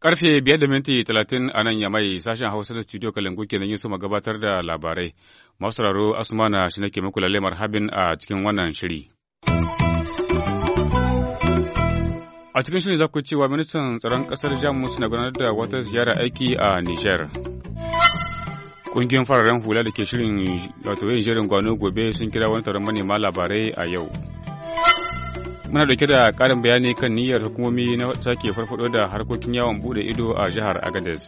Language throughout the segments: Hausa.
Karfe biyar da minti talatin a nan Yamai sashen Hausa da studio Kalangu kenan yin suma gabatar da labarai. Masu raro Asmana shi nake muku lalle marhabin a cikin wannan shiri. A cikin shirin za ku cewa ministan tsaron ƙasar Jamus na gudanar da wata ziyara aiki a Nijar. Ƙungiyar fararen hula da ke shirin wato yin shirin gwano gobe sun kira wani taron manema labarai a yau. Muna dauke da karin bayani kan niyyar hukumomi na sake farfado da harkokin yawon bude ido a jihar Agadez.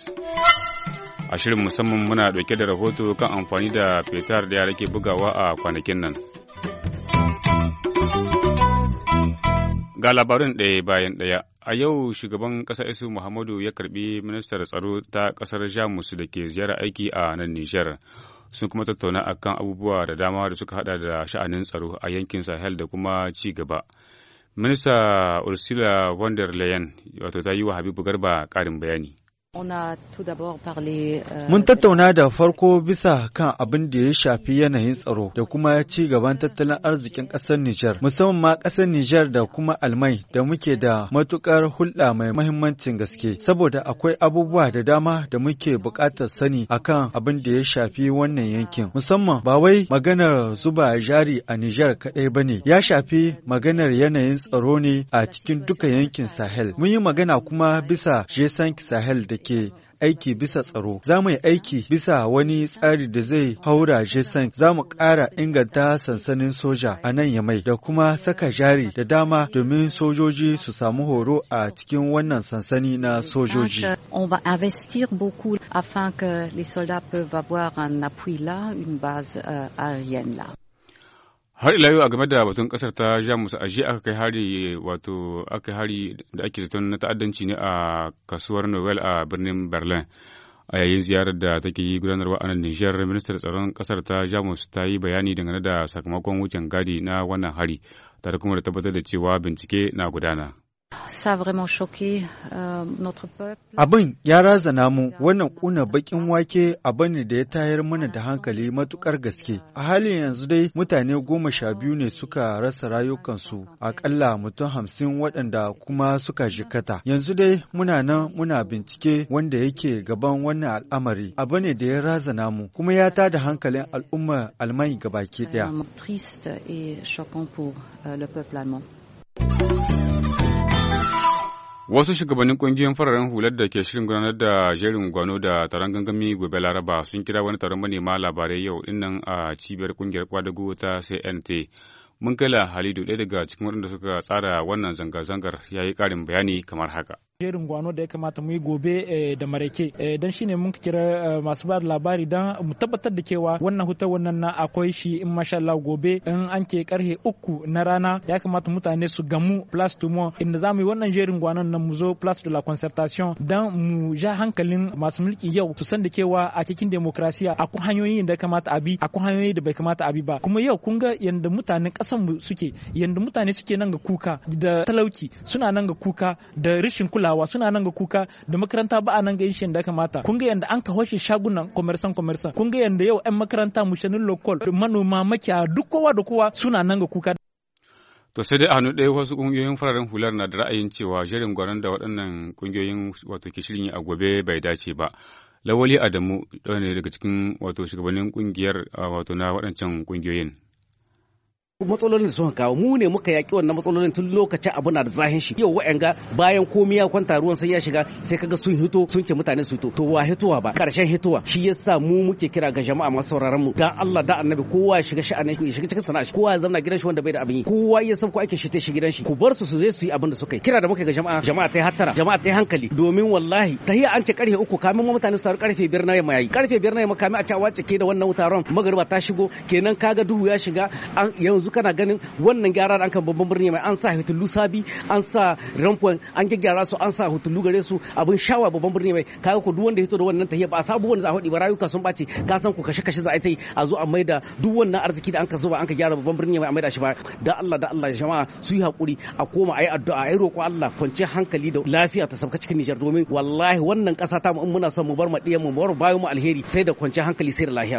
A shirin musamman muna dauke da rahoto kan amfani da fetar da yara ke bugawa a kwanakin nan. Ga labarin ɗaya bayan ɗaya. A yau shugaban ƙasar Isu Muhammadu ya karbi ministar tsaro ta ƙasar Jamus da ke ziyarar aiki a nan Nijar. Sun kuma tattauna kan abubuwa da dama da suka hada da sha'anin tsaro a yankin Sahel da kuma ci gaba. Minista Ursula von der Leyen wato ta yi wa Habibu Garba ƙarin bayani. Euh, Mun tattauna da farko bisa kan abin da ya shafi yanayin tsaro da kuma ci gaban tattalin arzikin ƙasar Nijar, musamman ma ƙasar Nijar da kuma Almai da muke da matuƙar hulɗa mai mahimmancin gaske, saboda akwai abubuwa da dama da muke buƙatar sani akan abin da ya shafi wannan yankin. Musamman ba wai maganar zuba jari a Nijar kaɗai ba ne, ya shafi maganar yanayin tsaro ne a cikin duka yankin Sahel. Mun yi magana kuma bisa Je Sahel da ke aiki bisa tsaro za mu yi aiki bisa wani tsari da zai haura jesan za mu ƙara inganta sansanin soja a nan yamai da kuma saka jari da dama domin sojoji su samu horo a cikin wannan sansani na sojoji afin que les soldats peuvent avoir un euh, har ila yau a game da batun kasar ta jamus a aka kai hari wato aka hari da ake zaton na ta'addanci ne a kasuwar novel a birnin berlin a yayin ziyarar da take yi gudanarwa a nan nijar ministar tsaron kasar ta jamus ta yi bayani dangane da sakamakon wucin gadi na wannan hari tare kuma da tabbatar da cewa bincike na gudana Euh, abin ya razana mu wannan kuna bakin wake abin ne da ya tayar mana da hankali matukar gaske. A halin yanzu dai mutane goma sha biyu ne suka rasa rayukansu akalla mutum hamsin waɗanda kuma suka jikata. Yanzu dai muna nan muna bincike wanda yake gaban wannan al'amari. Abu ne da ya razana mu kuma ya tada hankalin al'ummar Almai gabaki ɗaya. Wasu shugabannin kungiyoyin fararen hular da ke shirin gudanar da jerin gwano da taron gangami gobe Laraba sun kira wani taron manema labarai yau dinnan a cibiyar kungiyar kwadago ta CNT. Mun kala Halidu ɗaya daga cikin waɗanda suka tsara wannan zanga-zangar ya yi ƙarin bayani kamar haka. jerin gwano da ya kamata mu yi gobe eh, da mareke eh, don shine mun kira eh, masu ba da labari don mu tabbatar da cewa wannan hutar wannan na akwai shi in masha Allah gobe in an ke karhe uku na rana ya kamata mutane su gamu plus tumo inda za mu yi wannan jerin gwanon nan mu zo place de la concertation don mu ja hankalin masu mulki yau su san da cewa a cikin demokrasiya akwai hanyoyin da kamata a bi akwai hanyoyi da bai kamata a bi ba kuma yau kun ga yanda mutanen kasan mu suke yanda mutane suke nan ga kuka da talauci suna nan ga kuka da rashin kulawa yawa suna nan ga kuka da makaranta ba a nan ga yin da kamata kun ga yanda an ka hoshe shagunan commerçant commerçant kun ga yanda yau yan makaranta mushanin lokal manoma makiya duk kowa da kowa suna nan ga kuka to sai dai a wasu ƙungiyoyin fararen hular na da ra'ayin cewa jerin gwanon da waɗannan ƙungiyoyin wato ke shirin a gobe bai dace ba lawali adamu ɗaya ne daga cikin wato shugabannin ƙungiyar wato na waɗancan ƙungiyoyin matsalolin da suka kawo mu ne muka yaki wannan matsalolin tun lokacin abu na da zahin shi yau wa'anga bayan komai ya kwanta ruwan sai ya shiga sai kaga sun hito sun ce mutane su hito to wa hitowa ba karshen hitowa shi yasa mu muke kira ga jama'a masu sauraron mu dan Allah da annabi kowa ya shiga sha'anin shi shiga cikin sana'a shi kowa ya zauna gidan shi wanda bai da abin yi kowa ya san ko ake shi ta shi gidan shi ku bar su su zai su yi abin da suka yi kira da muka ga jama'a jama'a ta hattara jama'a ta hankali domin wallahi tahiya an ce karfe uku kamin mu mutane su taru karfe biyar na yamma yayi karfe biyar na yamma kamin a ce a wace ke da wannan wutaron magariba ta shigo kenan kaga duhu ya shiga yanzu kana ganin wannan gyara da an kan babban birni mai an sa hitullu sabi an sa rampon an gyaggyara su an sa hitullu gare su abin shawa babban birni mai kaga ku duk wanda ya hito da wannan tahiya ba a sabu wanda za a haɗi ba rayuka sun ɓaci ka san ku kashe kashe za a yi a zo a maida duk wannan arziki da an ka zuba an ka gyara babban birni mai a maida shi ba da Allah da Allah jama'a su yi hakuri a koma a yi addu'a a yi roƙo Allah kwanciyar hankali da lafiya ta sabka cikin Nijar domin wallahi wannan ƙasa ta mu in muna son mu bar mu mu bar bayan mu alheri sai da kwanciyar hankali sai da lafiya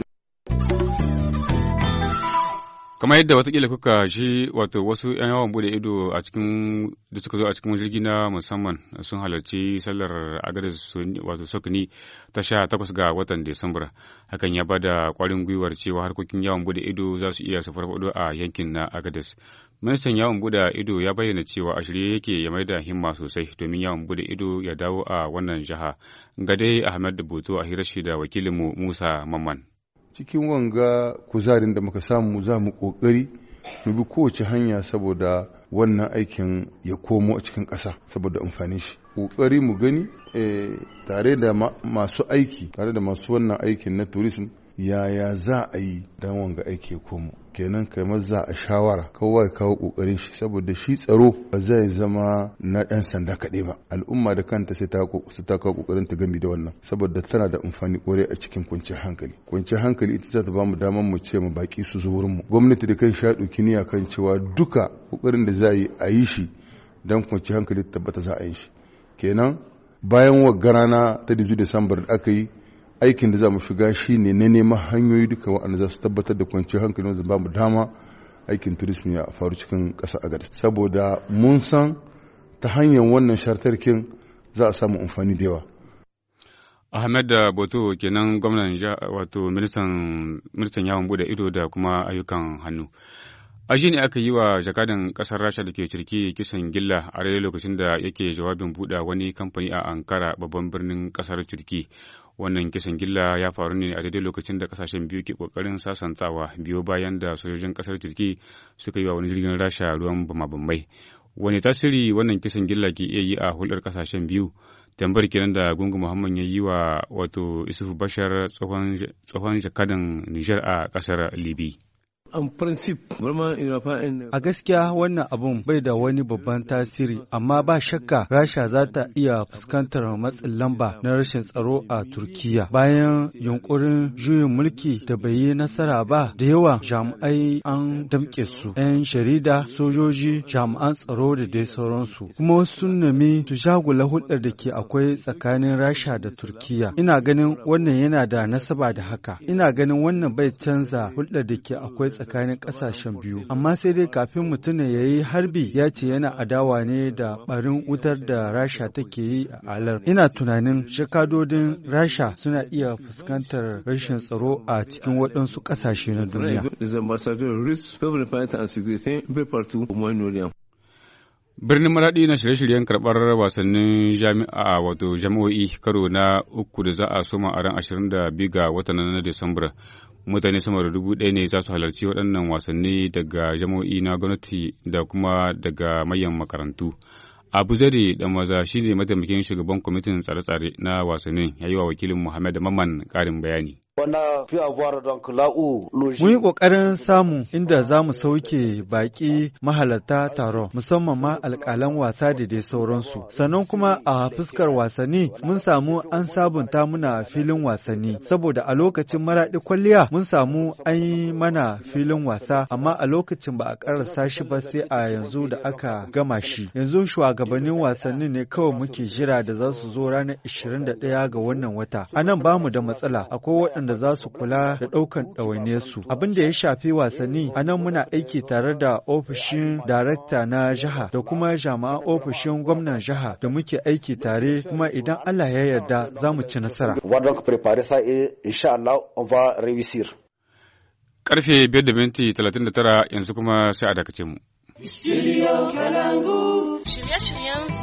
kamar yadda watakila kuka shi wato wasu 'yan yawon bude ido a cikin da suka zo a cikin jirgi na musamman sun halarci sallar agadis wato sokini ta sha takwas ga watan disambar hakan ya bada kwarin gwiwar cewa harkokin yawon bude ido za su iya su farfado a yankin na agadis ministan yawon bude ido ya bayyana cewa a shirye yake ya mai da himma sosai domin yawon bude ido ya dawo a wannan jiha gadai ahmed buto a hirar shi da wakilinmu musa mamman cikin wanga kuzarin da muka samu za mu ƙoƙari mu bi kowace hanya saboda wannan aikin ya komo a cikin ƙasa saboda amfani shi ƙoƙari mu gani eh, tare da masu aiki tare da masu wannan aikin na tourism yaya za a yi don wanga aiki ya komo kenan kai maza a shawara kawai kawo kokarin shi saboda shi tsaro ba zai zama na ɗan sanda kaɗai ba al'umma da kanta sai ta kawo kokarin ta gami da wannan saboda tana da amfani kwarai a cikin kwanciyar hankali kwanciyar hankali ita za ta bamu damar mu ce mu baki su zo wurin mu gwamnati da kai sha ɗauki niyya kan cewa duka kokarin da za yi a yi shi don kwanciyar hankali tabbata za a yi shi kenan bayan wa na ta Disambar da aka yi aikin da za mu shiga ne na neman hanyoyi duka waɗanda za su tabbatar da kwanciyar hankali wanda ba mu dama aikin turismi ya faru cikin ƙasa a saboda mun san ta hanyar wannan shartarkin za a samu amfani da yawa Ahmed da Boto kenan gwamnan wato ministan yawon bude ido da kuma ayyukan hannu. A ne aka yi wa jakadan kasar Rasha da ke cirki kisan gilla a lokacin da yake jawabin buɗe wani kamfani a Ankara babban birnin kasar Turki. wannan kisan gilla ya faru ne a daidai lokacin da kasashen biyu ke kokarin sasantawa biyo bayan da sojojin kasar turki suka yi wa wani jirgin rasha ruwan bama-bambai wani tasiri wannan kisan gilla ke iya yi a hulɗar kasashen biyu tambar kenan da gungun muhammad ya yi wa wato isufu bashar tsohon jakadan nijar a kasar libi A gaskiya wannan abun bai da wani babban tasiri, amma ba shakka Rasha za ta iya fuskantar matsin lamba na rashin tsaro a turkiya Bayan yunkurin juyin mulki da bai yi nasara ba, da yawa jami'ai an damƙe su, 'yan shari'a, sojoji, jami'an tsaro da dai sauransu. Kuma wasu nemi su shagula hulɗar da ke akwai tsakanin Rasha da Turkiyya. Ina ganin wannan yana da nasaba da haka. Ina ganin wannan bai canza hulɗar da ke akwai tsakanin tsakanin kasashen biyu. Amma sai dai kafin mutumin ya yi harbi ya ce yana adawa ne da barin wutar da Rasha take yi a alar. Ina tunanin shakadodin Rasha suna iya fuskantar rashin tsaro a cikin waɗansu ƙasashe na duniya. Birnin Maraɗi na shirye-shiryen karɓar wasannin jami'a wato jami'o'i karo na uku da za a soma a ran 22 ga watan na Disamba. mutane sama da dubu ɗaya ne za su halarci waɗannan wasanni daga jam'o'i na gwamnati da kuma daga mayan makarantu abu zari da maza ne mataimakin shugaban kwamitin tsare-tsare na wasannin ya yi wa wakilin muhammad mamman ƙarin bayani Mun yi ƙoƙarin samu inda za mu sauke baƙi mahalarta taron, musamman ma alƙalan wasa da dai sauransu. Sannan kuma a fuskar wasanni mun samu an sabunta muna filin wasanni, saboda a lokacin maraɗi kwalliya mun samu an yi mana filin wasa, amma a lokacin ba a ƙarasa shi ba sai a yanzu da aka gama shi. Yanzu shugabannin wasanni ne kawai muke jira da za su zo ranar 21 ga wannan wata. A nan ba da matsala, akwai waɗanda waɗanda za su kula da ɗaukan ɗawainiyar su. Abin da ya shafi wasanni, a nan muna aiki tare da ofishin darakta na jiha da kuma jama'an ofishin gwamnan jiha da muke aiki tare kuma idan Allah ya yarda za mu ci nasara. Karfe biyar da da talatin tara yanzu kuma sai a dakace mu. Shirye-shiryen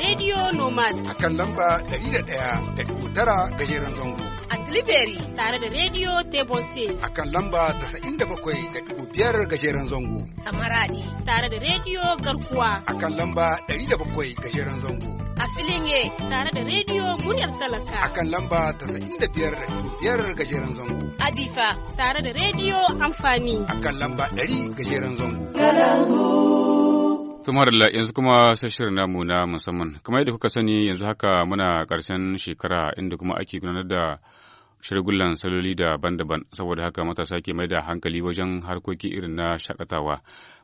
Radio Nomad. A kan lamba ga gajeren zango. A Tilibiri tare da Radio Tebose. A kan lamba 97.5 gajeren zango. A Maradi tare da Radio Garkuwa. A kan lamba 107 gajeren zango. A Filinge tare da Radio Muryar Talaka. A kan lamba 95.5 gajeren zango. A Difa tare da Radio Amfani. A kan lamba 100 gajeren zango. Kalangu. da yanzu kuma sai shirin namu na musamman. Kamar yadda kuka sani yanzu haka muna ƙarshen shekara inda kuma ake gudanar da shirgullan saloli daban-daban saboda haka matasa ke mai da hankali wajen harkoki irin na shakatawa.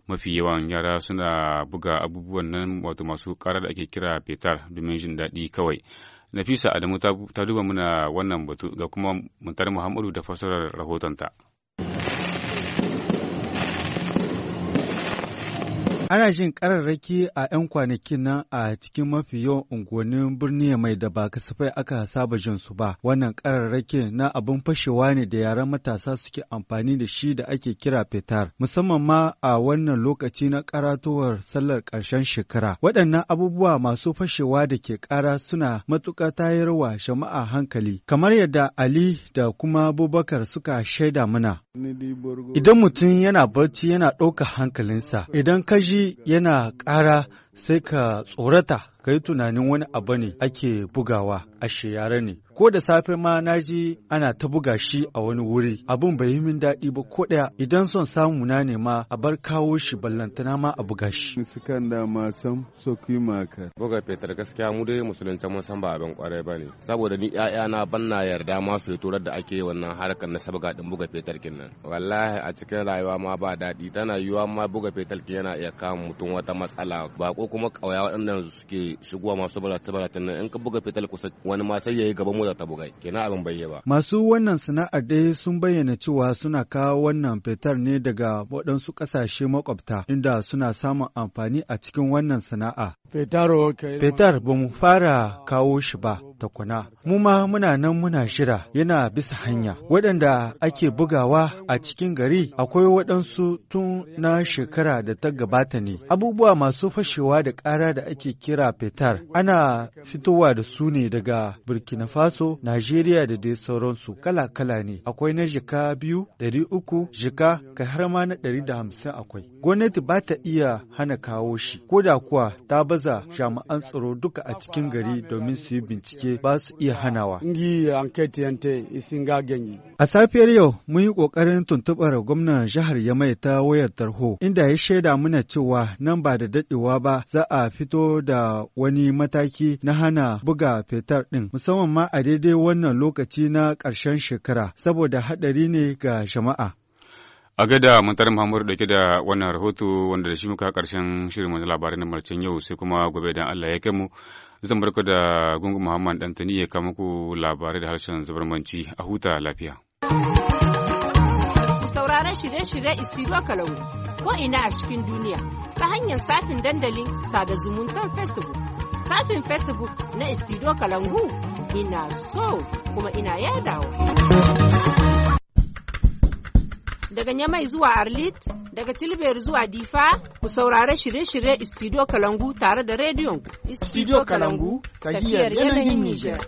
Mafi yawan yara suna buga abubuwan nan wato masu ƙara da ake kira fetar domin jin daɗi kawai. Nafisa Adamu ta duba muna wannan batu ga kuma Muntar Muhammadu da fassarar rahotonta. Ana jin kararraki a 'yan kwanakin nan a cikin mafi yawan unguwannin birni mai da ba kasafai aka saba jin su ba. Wannan ƙararraki na abun fashewa ne da yaran matasa suke amfani da shi da ake kira fetar, musamman ma a wannan lokaci na karatowar sallar ƙarshen shekara. Waɗannan abubuwa masu fashewa da ke kara suna matuƙa tayarwa jama'a hankali, kamar yadda Ali da kuma Abubakar suka shaida mana. Idan mutum yana barci yana ɗaukar hankalinsa, idan ka ji yana ƙara sai ka tsorata, ka yi tunanin wani abu ne ake bugawa, ashe yare ne. ko da safe ma na ji ana ta buga shi a wani wuri abun bai yi min daɗi ba ko ɗaya idan son samu na ne ma a bar kawo shi ballantana ma a buga shi. Sukan da ma san soki maka. Buga fetar gaskiya mu dai musulunci mun san ba abin kwarai ba ne saboda ni na ban na yarda ma su turar da ake wannan harkar na sabga din buga fetar nan. Wallahi a cikin rayuwa ma ba daɗi tana yiwuwa ma buga fetar yana iya kama mutum wata matsala ba ko kuma ƙauya waɗanda suke shigowa masu barata nan in ka buga fetar kusa wani ma sai ya yi gaba mu saboda ta kenan abin bai ba masu wannan sana'ar dai sun bayyana cewa suna kawo wannan fetar ne daga waɗansu ƙasashe makwabta inda suna samun amfani a cikin wannan sana'a Fetar ba mu fara kawo shi ba kuna Mu ma muna nan muna shira yana bisa hanya. Waɗanda ake bugawa a cikin gari akwai waɗansu tun na shekara da ta gabata ne. Abubuwa masu fashewa da ƙara da ake kira fetar ana fitowa da su ne daga Burkina Faso, Najeriya da dai sauransu kala-kala ne. Akwai na jika biyu, ɗari uku, jika ka har ma na ɗari da hamsin akwai. Gwamnati ba ta iya hana kawo shi, ko da kuwa ta baza jami'an tsaro duka a cikin gari domin su yi bincike ba su iya hanawa. A safiyar yau mun yi ƙoƙarin tuntuɓar gwamnan jihar Yamai ta wayar tarho inda ya shaida mana cewa nan ba da daɗewa ba za a fito da wani mataki na hana buga fetar ɗin musamman ma a daidai wannan lokaci na ƙarshen shekara saboda haɗari ne ga jama'a. A gada Muntar Muhammadu dauke da wannan rahoto wanda da shi muka karshen shirin wani labarai na marcin yau sai kuma gobe dan Allah ya kai zan barka da gungun Muhammad Dantani ya kama ku labarai da harshen zubarmanci a huta lafiya. Sauraron shirye-shirye Isiro Kalau ko ina a cikin duniya ta hanyar safin dandalin sada zumuntar Facebook. Safin Facebook na Isiro Kalangu ina so kuma ina yadawa. daga Nyamai zuwa Arlit, daga Tilber zuwa Difa, ku saurare shirye-shirye Istidio Kalangu tare da rediyon Istidio Kalangu, tafiyar yanayin Nijar.